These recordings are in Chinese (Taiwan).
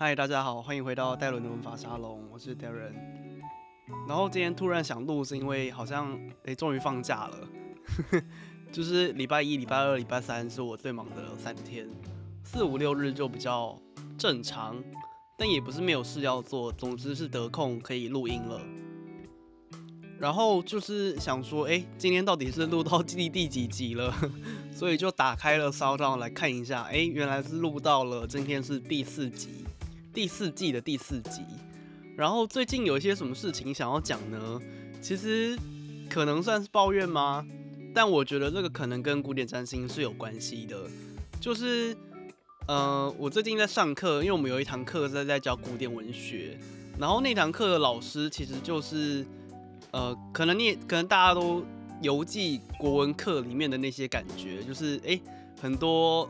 嗨，大家好，歡迎回到戴倫的文法沙龍，我是戴倫。然後今天突然想錄，是因為好像哎，終於放假了， 就是禮拜一、禮拜二、禮拜三是我最忙的三天，四五六日就比較正常，但也不是沒有事要做，總之是得空可以錄音了。然後就是想說，哎，今天到底是錄到第第幾集了？所以就打開了 SoundOn 來看一下，哎，原來是錄到了，今天是第四集。第四季的第四集，然後最近有一些什麼事情想要講呢？其實可能算是抱怨嗎？但我覺得這個可能跟古典占星是有關係的。就是，呃，我最近在上課，因為我們有一堂課是在在教古典文學，然後那堂課的老師其實就是，呃，可能你可能大家都猶記國文課裡面的那些感覺，就是誒很多。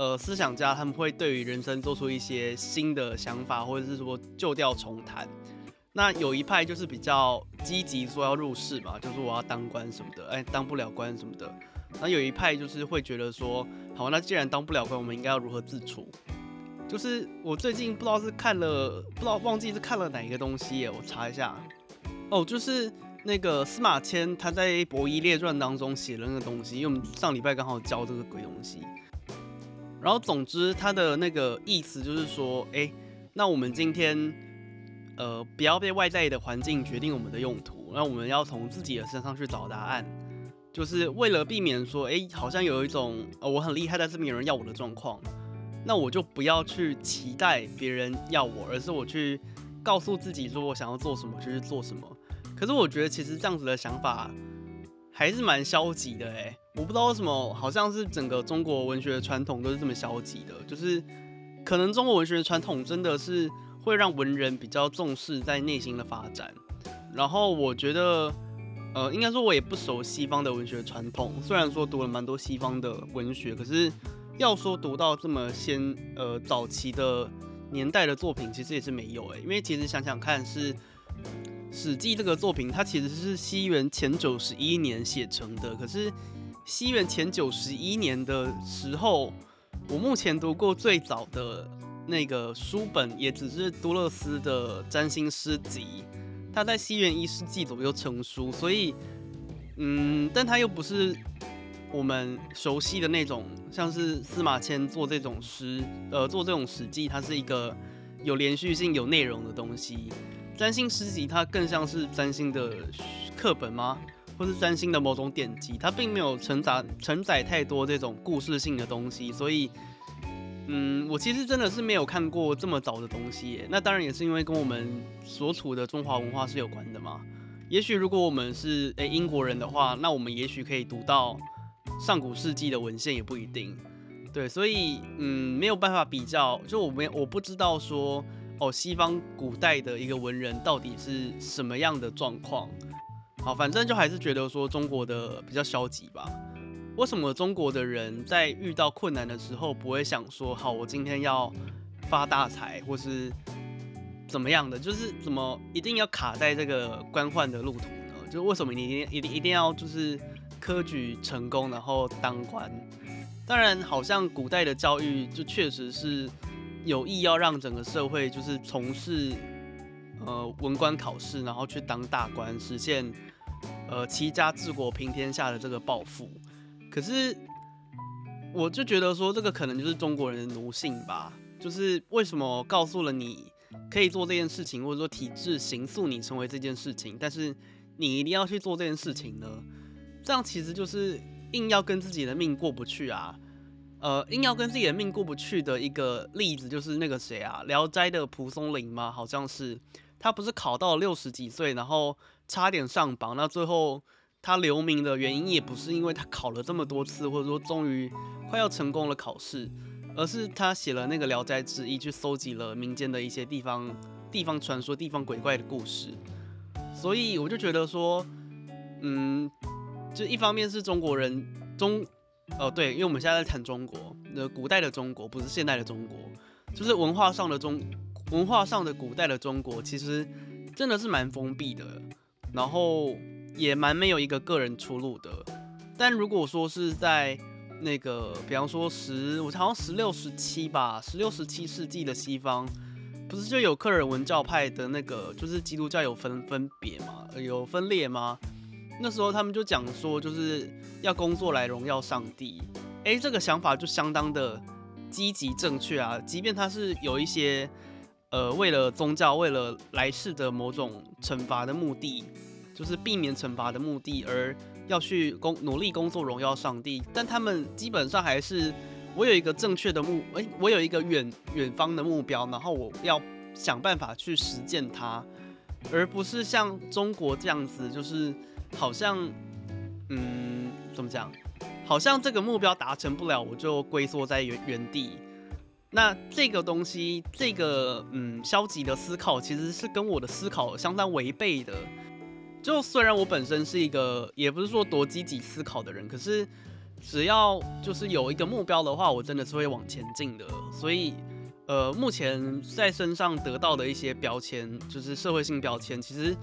呃，思想家他們會對於人生做出一些新的想法，或者是說舊調重彈。那有一派就是比較積極，說要入世嘛，就是我要當官什麼的。哎，當不了官什麼的。那有一派就是會覺得說，好，那既然當不了官，我們應該要如何自處？就是我最近不知道是看了，不知道忘記是看了哪一個東西耶，我查一下。哦，就是那個司馬遷他在《伯夷列傳》當中寫了那個東西，因為我們上禮拜剛好教這個鬼東西。然後，總之，他的那個意思就是說，哎，那我們今天，呃，不要被外在的環境決定我們的用途，那我們要從自己的身上去找答案，就是為了避免說，哎，好像有一種，呃，我很厲害，但是沒有人要我的狀況，那我就不要去期待別人要我，而是我去告訴自己，說我想要做什麼就是做什麼。可是我覺得，其實這樣子的想法。還是蠻消極的哎，我不知道為什麼，好像是整個中國文學的傳統都是這麼消極的，就是可能中國文學的傳統真的是會讓文人比較重視在內心的發展。然後我覺得，呃，應該說我也不熟西方的文學傳統，雖然說讀了蠻多西方的文學，可是要說讀到這麼先，呃，早期的年代的作品，其實也是沒有哎，因為其實想想看是。《史記》這個作品，它其實是西元前九十一年寫成的。可是西元前九十一年的時候，我目前讀過最早的那個書本，也只是多樂斯的占星詩集。它在西元一世紀左右成書，所以，嗯，但它又不是我們熟悉的那種，像是司馬遷做這種詩，呃，做這種《史記》，它是一個有連續性、有內容的東西。占星詩集，它更像是占星的課本嗎？或是占星的某種典籍？它並沒有承載承載太多這種故事性的東西。所以，嗯，我其實真的是沒有看過這麼早的東西。那當然也是因為跟我們所處的中華文化是有關的嘛。也許如果我們是誒英國人的話，那我們也許可以讀到上古世紀的文獻也不一定。對，所以嗯，沒有辦法比較。就我沒我不知道說。哦，西方古代的一個文人到底是什麼樣的狀況？好，反正就還是覺得說中國的比較消極吧。為什麼中國的人在遇到困難的時候不會想說“好，我今天要發大財”或是怎麼樣的？就是怎麼一定要卡在這個官宦的路途呢？就是為什麼你一定一定一定要就是科舉成功，然後當官？當然，好像古代的教育就確實是。有意要讓整個社會就是從事，呃，文官考試，然後去當大官，實現，呃，齊家治國平天下的這個抱負。可是，我就覺得說，這個可能就是中國人的奴性吧。就是為什麼告訴了你可以做這件事情，或者說體制形塑你成為這件事情，但是你一定要去做這件事情呢？這樣其實就是硬要跟自己的命過不去啊。呃，硬要跟自己的命過不去的一個例子，就是那個誰啊，《聊齋》的蒲松齡嘛。好像是他，不是考到六十幾歲，然後差點上榜，那最後他留名的原因，也不是因為他考了這麼多次，或者說終於快要成功了考試，而是他寫了那個《聊齋誌異》，去蒐集了民間的一些地方地方傳說、地方鬼怪的故事。所以我就覺得說，嗯，就一方面是中國人中。哦，對，因為我們現在在談中國，呃，古代的中國不是現代的中國，就是文化上的中文化上的古代的中國，其實真的是蠻封閉的，然後也蠻沒有一個個人出路的。但如果說是在那個，比方說十，我好像十六、十七吧，十六、十七世紀的西方，不是就有喀爾文教派的那個，就是基督教有分分別嗎？有分裂嗎？那時候他們就講說，就是要工作來榮耀上帝。哎，這個想法就相當的積極正確啊！即便他是有一些，呃，為了宗教、為了來世的某種懲罰的目的，就是避免懲罰的目的而要去工努力工作榮耀上帝，但他們基本上還是我有一個正確的目，哎，我有一個遠遠方的目標，然後我要想辦法去實踐它，而不是像中國這樣子，就是。好像，嗯，怎麼講？好像這個目標達成不了，我就龜縮在原原地。那這個東西，這個嗯，消極的思考其實是跟我的思考相當違背的。就雖然我本身是一個，也不是說多積極思考的人，可是只要就是有一個目標的話，我真的是會往前進的。所以，呃，目前在身上得到的一些標籤，就是社會性標籤，其實。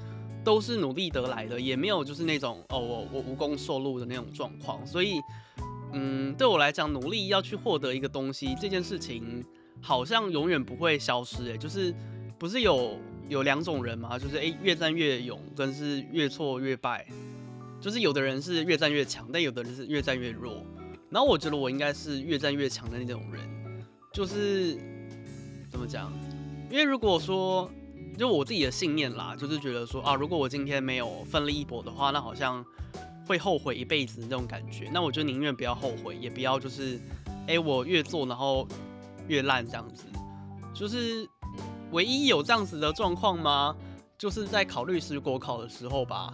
都是努力得來的，也沒有就是那種哦，我我無功受祿的那種狀況，所以嗯，對我來講，努力要去獲得一個東西這件事情好像永遠不會消失誒、欸。就是不是有有兩種人嘛？就是誒、欸，越戰越勇跟是越挫越敗，就是有的人是越戰越強，但有的人是越戰越弱。然後我覺得我應該是越戰越強的那種人，就是怎麼講？因為如果說。就我自己的信念啦，就是覺得說啊，如果我今天沒有奮力一搏的話，那好像會後悔一輩子那種感覺。那我就寧願不要後悔，也不要就是，哎、欸，我越做然後越爛這樣子。就是唯一有這樣子的狀況嗎？就是在考律師國考的時候吧，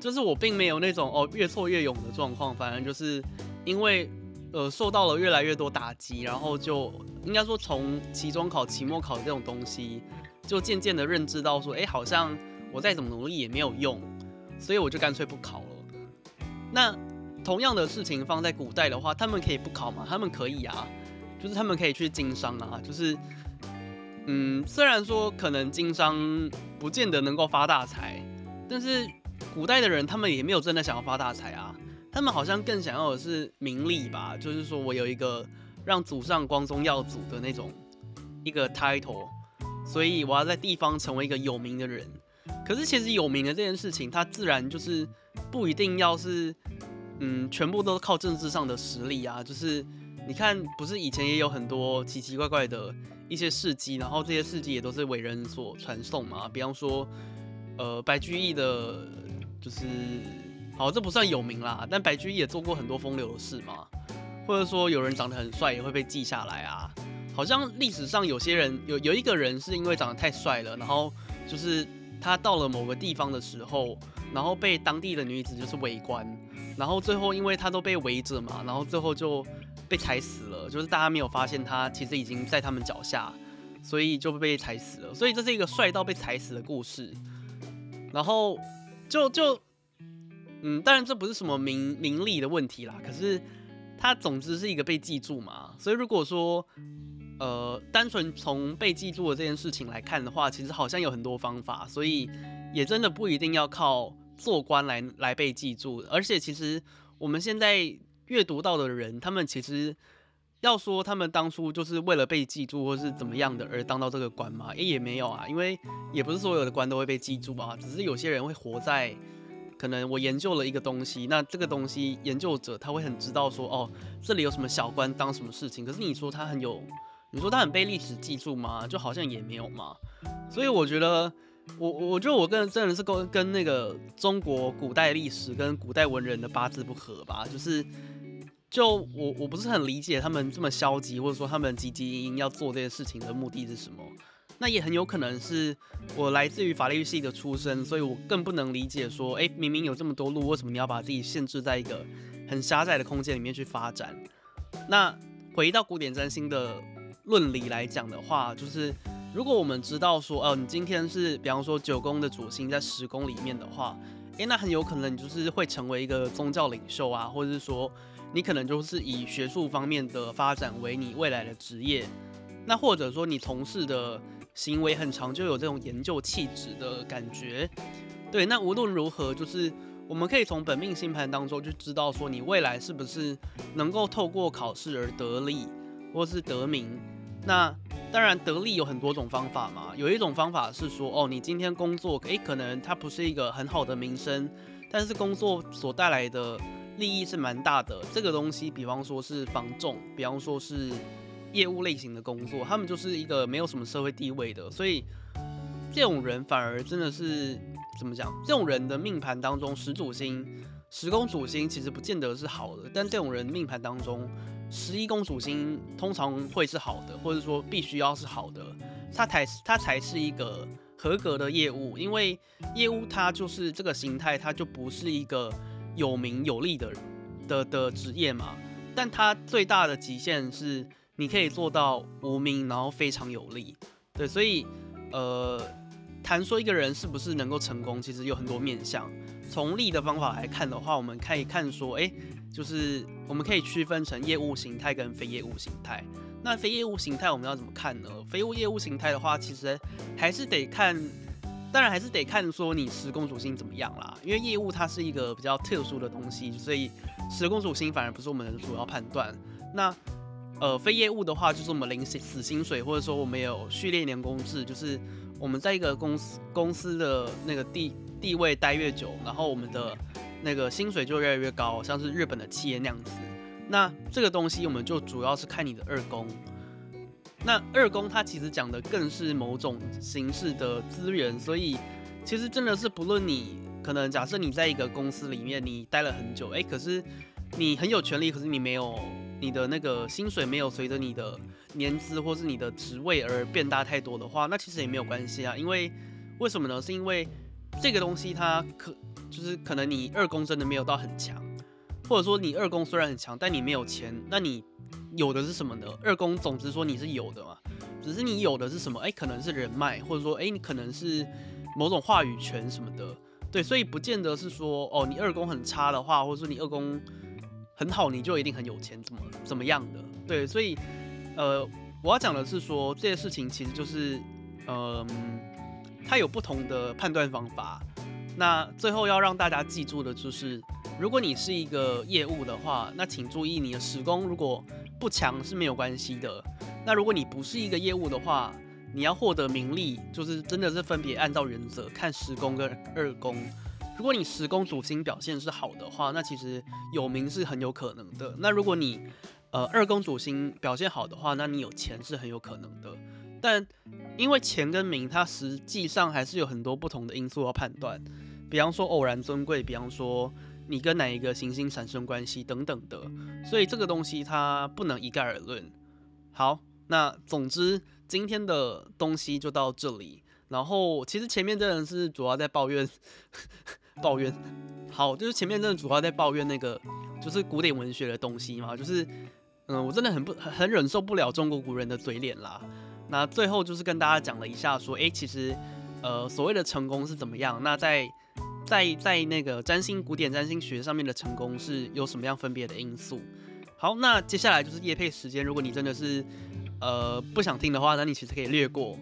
就是我並沒有那種哦越挫越勇的狀況，反正就是因為呃受到了越來越多打擊，然後就應該說從期中考、期末考這種東西。就漸漸的認知到說，誒、欸，好像我再怎麼努力也沒有用，所以我就乾脆不考了。那同樣的事情放在古代的話，他們可以不考嗎？他們可以啊，就是他們可以去經商啊，就是，嗯，雖然說可能經商不見得能夠發大財，但是古代的人他們也沒有真的想要發大財啊，他們好像更想要的是名利吧，就是說我有一個讓祖上光宗耀祖的那種一個 title。所以我要在地方成為一個有名的人，可是其實有名的這件事情，它自然就是不一定要是，嗯，全部都靠政治上的實力啊。就是你看，不是以前也有很多奇奇怪怪的一些事蹟，然後這些事蹟也都是為人所傳頌嘛。比方說，呃，白居易的，就是好，這不算有名啦，但白居易也做過很多風流的事嘛。或者說，有人長得很帥，也會被記下來啊。好像歷史上有些人有有一個人是因為長得太帥了，然後就是他到了某個地方的時候，然後被當地的女子就是圍觀，然後最後因為他都被圍着嘛，然後最後就被踩死了。就是大家沒有發現他其實已經在他們腳下，所以就被踩死了。所以這是一個帥到被踩死的故事。然後就就嗯，當然這不是什麼名名利的問題啦，可是他總之是一個被記住嘛。所以如果說，呃，單純從被記住的這件事情來看的話，其實好像有很多方法，所以也真的不一定要靠做官來來被記住。而且其實我們現在閱讀到的人，他們其實要說他們當初就是為了被記住或是怎麼樣的而當到這個官嗎？也沒有啊，因為也不是所有的官都會被記住吧。只是有些人會活在可能我研究了一個東西，那這個東西研究者他會很知道說，哦，這裡有什麼小官當什麼事情？可是你說他很有。你說他很被歷史記住嗎？就好像也沒有嘛。所以我覺得，我我覺得我個人真的是跟跟那個中國古代歷史跟古代文人的八字不合吧。就是，就我我不是很理解他們這麼消極，或者說他們汲汲營營要做這些事情的目的是什麼。那也很有可能是我來自於法律系的出身，所以我更不能理解說，哎、欸，明明有這麼多路，為什麼你要把自己限制在一個很狹窄的空間裡面去發展？那回到古典占星的。論理來講的話，就是如果我們知道說，哦、呃，你今天是比方說九宮的主星在十宮裡面的話，誒、欸，那很有可能你就是會成為一個宗教領袖啊，或者是說你可能就是以學術方面的發展為你未來的職業，那或者說你從事的行為很常就有這種研究氣質的感覺。對，那無論如何，就是我們可以從本命星盤當中就知道說你未來是不是能夠透過考試而得利，或者是得名。那當然，得利有很多種方法嘛。有一種方法是說，哦，你今天工作，誒，可能它不是一個很好的名聲，但是工作所帶來的利益是蠻大的。這個東西，比方說是房仲，比方說是業務類型的工作，他們就是一個沒有什麼社會地位的，所以這種人反而真的是怎麼講？這種人的命盤當中，十主星、十宮主星其實不見得是好的，但這種人命盤當中。十一宮主星通常會是好的，或者說必須要是好的，它才它才是一個合格的業務，因為業務它就是這個形態，它就不是一個有名有利的的的職業嘛。但它最大的極限是你可以做到無名，然後非常有利。對，所以呃，談說一個人是不是能夠成功，其實有很多面向。從利的方法來看的話，我們可以看說，誒、欸，就是我們可以區分成業務形態跟非業務形態。那非業務形態我們要怎麼看呢？非務業務形態的話，其實還是得看，當然還是得看說你十宮主星怎麼樣啦。因為業務它是一個比較特殊的東西，所以十宮主星反而不是我們的主要判斷。那呃，非業務的話，就是我們領死薪水，或者說我們有序列年工制，就是。我們在一個公司公司的那個地地位待越久，然後我們的那個薪水就越來越高，像是日本的企業那樣子。那這個東西我們就主要是看你的二宮。那二宮它其實講的更是某種形式的資源，所以其實真的是不論你可能假設你在一個公司裡面你待了很久，哎，可是你很有權利，可是你沒有。你的那個薪水沒有隨着你的年資或是你的職位而變大太多的話，那其實也沒有關係啊。因為為什麼呢？是因為這個東西它可就是可能你二宮真的沒有到很強，或者說你二宮雖然很強，但你沒有錢。那你有的是什麼呢？二宮總之說你是有的嘛，只是你有的是什麼？誒，可能是人脈，或者說誒，你可能是某種話語權什麼的。對，所以不見得是說哦，你二宮很差的話，或者說你二宮很好，你就一定很有錢，怎麼怎麼樣的？對，所以，呃，我要講的是說，這些事情其實就是，嗯、呃，它有不同的判斷方法。那最後要讓大家記住的就是，如果你是一個業務的話，那請注意你的十宮，如果不強是沒有關係的。那如果你不是一個業務的話，你要獲得名利，就是真的是分別按照原則看十宮跟二宮。如果你十宮主星表現是好的話，那其實有名是很有可能的。那如果你呃二宮主星表現好的話，那你有錢是很有可能的。但因為錢跟名，它實際上還是有很多不同的因素要判斷，比方說偶然尊貴，比方說你跟哪一個行星產生關係等等的。所以這個東西它不能一概而論。好，那總之今天的東西就到這裡。然後其實前面這人是主要在抱怨。 抱怨，好，就是前面真的主要在抱怨那個，就是古典文學的東西嘛，就是，嗯、呃，我真的很不很忍受不了中國古人的嘴臉啦。那最後就是跟大家講了一下，說，哎，其實，呃，所謂的成功是怎麼樣？那在在在那個占星古典占星學上面的成功是有什麼樣分別的因素？好，那接下來就是業配時間，如果你真的是，呃，不想聽的話，那你其實可以略過。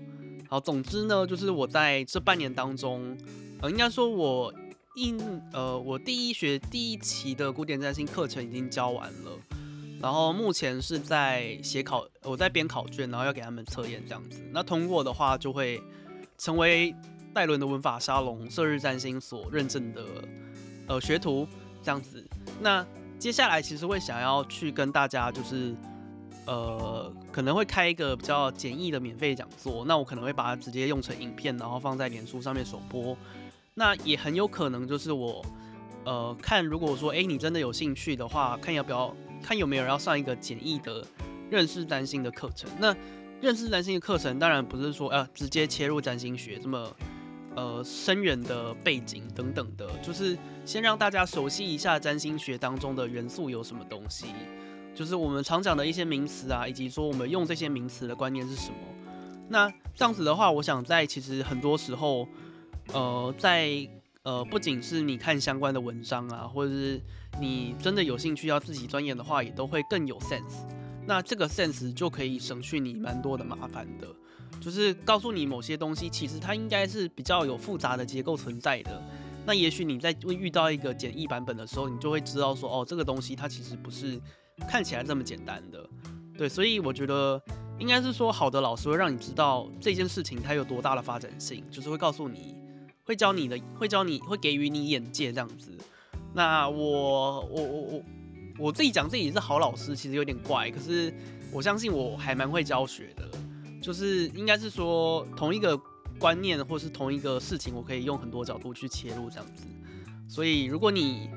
好，總之呢，就是我在這半年當中，呃，應該說我。因呃，我第一學第一期的古典占星課程已經教完了，然後目前是在寫考，我在編考卷，然後要給他們測驗這樣子。那通過的話，就會成為戴倫的文法沙龍射日占星所認證的呃學徒這樣子。那接下來其實會想要去跟大家，就是呃可能會開一個比較簡易的免費講座，那我可能會把它直接用成影片，然後放在臉書上面首播。那也很有可能就是我，呃，看如果說，誒、欸、你真的有興趣的話，看要不要看有沒有人要上一個簡易的，認的，認識占星的課程。那認識占星的課程當然不是說呃直接切入占星學這麼，呃深遠的背景等等的，就是先讓大家熟悉一下占星學當中的元素有什麼東西，就是我們常講的一些名詞啊，以及說我們用這些名詞的觀念是什麼。那這樣子的話，我想在其實很多時候。呃，在呃，不僅是你看相關的文章啊，或者是你真的有興趣要自己鑽研的話，也都會更有 sense。那這個 sense 就可以省去你蠻多的麻煩的，就是告訴你某些東西其實它應該是比較有複雜的結構存在的。那也許你在會遇到一個簡易版本的時候，你就會知道說，哦，這個東西它其實不是看起來這麼簡單的。對，所以我覺得應該是說，好的老師會讓你知道這件事情它有多大的發展性，就是會告訴你。會教你的，會教你，會給予你眼界這樣子。那我我我我我自己講自己是好老師，其實有點怪。可是我相信我還蠻會教學的，就是應該是說同一個觀念或是同一個事情，我可以用很多角度去切入這樣子。所以如果你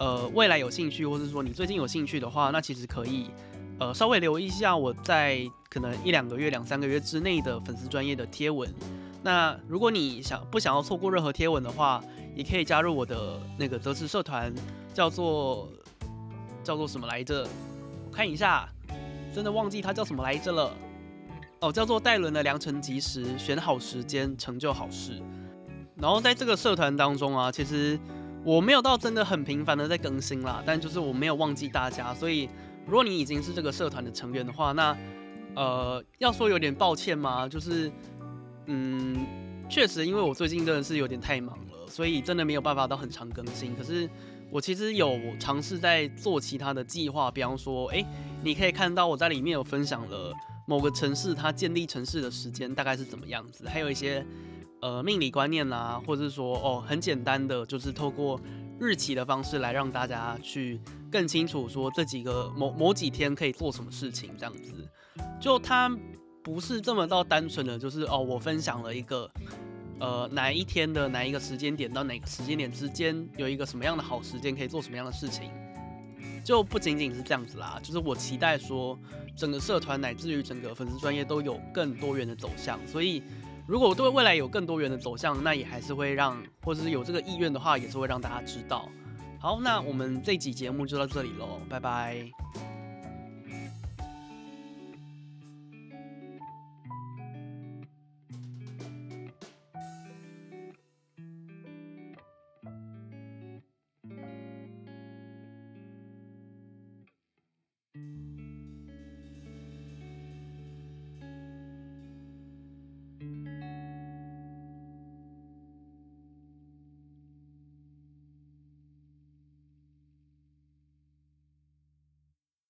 呃未來有興趣，或是說你最近有興趣的話，那其實可以呃稍微留意一下我在可能一兩個月、兩三個月之內的粉絲專業的貼文。那如果你想不想要錯過任何貼文的話，也可以加入我的那個德時社團，叫做叫做什麼來着？我看一下，真的忘記它叫什麼來着了。哦，叫做戴倫的良辰吉時，選好時間，成就好事。然後在這個社團當中啊，其實我沒有到真的很頻繁的在更新啦，但就是我沒有忘記大家。所以如果你已經是這個社團的成員的話，那呃，要說有點抱歉嗎？就是。嗯，確實，因為我最近真的是有點太忙了，所以真的沒有辦法到很常更新。可是我其實有嘗試在做其他的計劃，比方說，誒、欸，你可以看到我在裡面有分享了某個城市它建立城市的時間大概是怎麼樣子，還有一些呃命理觀念啊，或者是說哦很簡單的，就是透過日期的方式來讓大家去更清楚說這幾個某某幾天可以做什麼事情這樣子，就它。不是這麼到單純的，就是哦，我分享了一個，呃，哪一天的哪一個時間點到哪個時間點之間，有一個什麼樣的好時間可以做什麼樣的事情，就不僅僅是這樣子啦。就是我期待說，整個社團乃至於整個粉絲專業都有更多元的走向。所以，如果對未來有更多元的走向，那也還是會讓，或者是有這個意願的話，也是會讓大家知道。好，那我們這期節目就到這裡嘍，拜拜。